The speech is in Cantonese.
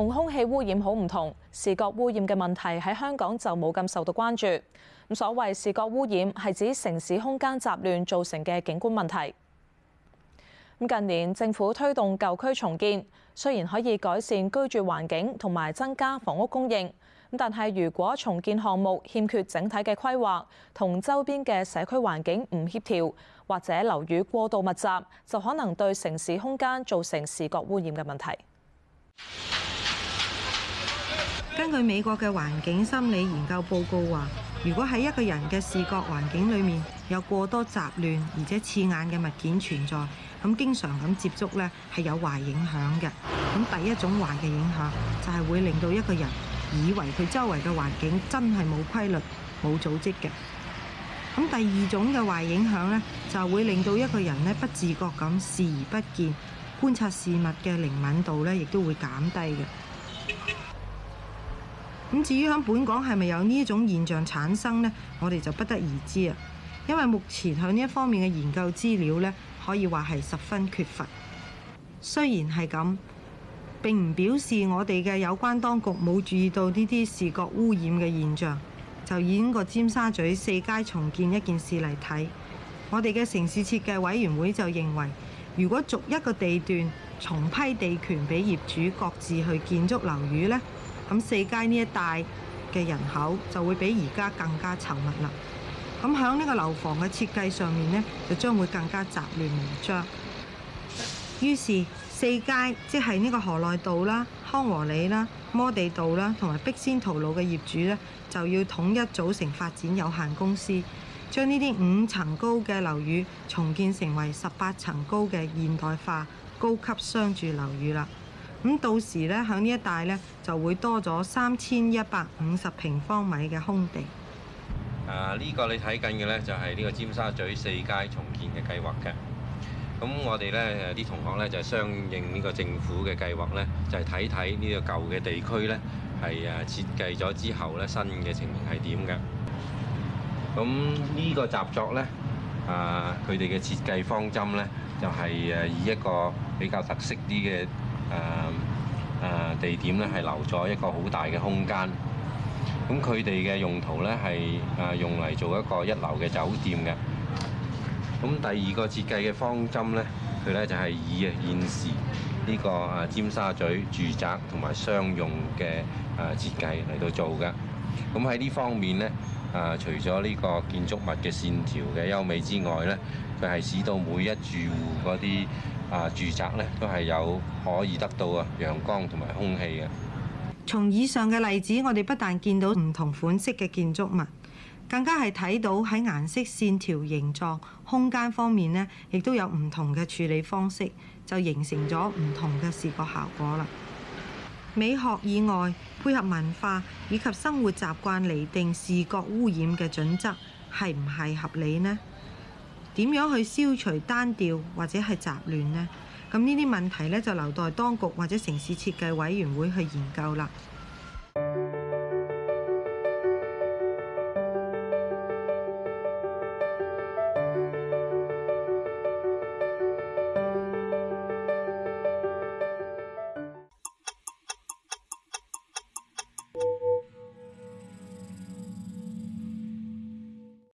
同空氣污染好唔同，視覺污染嘅問題喺香港就冇咁受到關注。咁所謂視覺污染係指城市空間雜亂造成嘅景觀問題。咁近年政府推動舊區重建，雖然可以改善居住環境同埋增加房屋供應，但係如果重建項目欠缺整體嘅規劃，同周邊嘅社區環境唔協調，或者樓宇過度密集，就可能對城市空間造成視覺污染嘅問題。根據美國嘅環境心理研究報告話，如果喺一個人嘅視覺環境裏面有過多雜亂而且刺眼嘅物件存在，咁經常咁接觸呢係有壞影響嘅。咁第一種壞嘅影響就係會令到一個人以為佢周圍嘅環境真係冇規律、冇組織嘅。咁第二種嘅壞影響呢，就會令到一個人呢不自覺咁視而不見，觀察事物嘅靈敏度呢亦都會減低嘅。咁至於喺本港係咪有呢種現象產生呢，我哋就不得而知啊，因為目前喺呢一方面嘅研究資料呢，可以話係十分缺乏。雖然係咁，並唔表示我哋嘅有關當局冇注意到呢啲視覺污染嘅現象。就以個尖沙咀四街重建一件事嚟睇，我哋嘅城市設計委員會就認為，如果逐一個地段重批地權俾業主各自去建築樓宇呢。咁四街呢一帶嘅人口就會比而家更加稠密啦。咁喺呢個樓房嘅設計上面呢，就將會更加雜亂無章。於是四街即係呢個河內道啦、康和里啦、摩地道啦同埋碧仙桃路嘅業主呢，就要統一組成發展有限公司，將呢啲五層高嘅樓宇重建成為十八層高嘅現代化高級商住樓宇啦。咁到時咧，喺呢一帶咧就會多咗三千一百五十平方米嘅空地。啊，呢個你睇緊嘅咧就係呢個尖沙咀四街重建嘅計劃嘅。咁我哋咧誒啲同學咧就係相應呢個政府嘅計劃咧，就係睇睇呢個舊嘅地區咧係誒設計咗之後咧新嘅情形係點嘅。咁呢個習作咧，啊佢哋嘅設計方針咧就係誒以一個比較特色啲嘅。誒誒地點咧係留咗一個好大嘅空間，咁佢哋嘅用途咧係誒用嚟做一個一流嘅酒店嘅。咁第二個設計嘅方針咧，佢咧就係以現時呢個誒尖沙咀住宅同埋商用嘅誒設計嚟到做嘅。咁喺呢方面咧，誒、啊、除咗呢個建築物嘅線條嘅優美之外咧，佢係使到每一住戶嗰啲。啊，住宅咧都係有可以得到啊陽光同埋空氣嘅。從以上嘅例子，我哋不但見到唔同款式嘅建築物，更加係睇到喺顏色、線條、形狀、空間方面呢，亦都有唔同嘅處理方式，就形成咗唔同嘅視覺效果啦。美學以外，配合文化以及生活習慣嚟定視覺污染嘅準則，係唔係合理呢？點樣去消除單調，或者係雜亂呢？咁呢啲問題呢，就留待當局或者城市設計委員會去研究啦。